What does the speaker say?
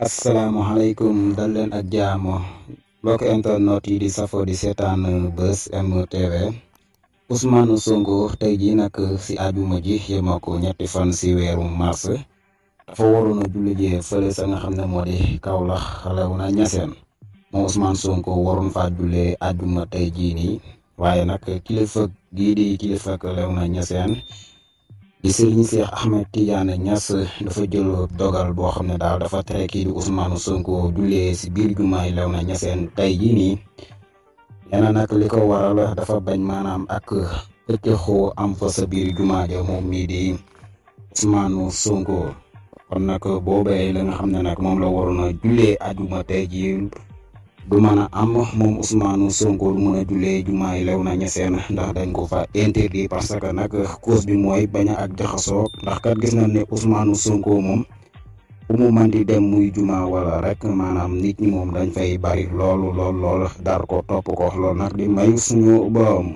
asalaamaaleykum dal daleen ak jaam mbokk internet yi di safo di seetaan Buzz M TV Ousmane Sonko tey jii nag si àjjuma ji yemoo ko ñetti fan si weeru mars dafa waroon a julli jee fële ne moo di Kaolack na ñaseen moom Ousmane Sonko waroon faa jullee àjjuma tey jii nii waaye nag kilifa gii di kilifa xalew na ñaseen di sëriñ Cheikh Ahmed Tidiane Niass dafa jël dogal boo xam ne daal dafa tere kii di Ousmane Sonko jullee si biir jumaay Léona Niassène tey jii nii li ko waral dafa bañ maanaam ak pëccëxoo am fa sa biir jumaa ja Sonko kon nag boobee la nga xam ne nag moom la waroon ajuma tey du mën a am moom Ousmane Sonko du mën a jullee jumaay Léona Niassène ndax dañ ko fa interdit parce que nag cause bi mooy bañ ak jaxasoo ndax kat gis nañ ne Ousmane Sonko moom bu mu di dem muy juma wala rek maanaam nit ñi moom dañ fay bari loolu lool lool dar ko topp ko loolu nag di may suñu borom.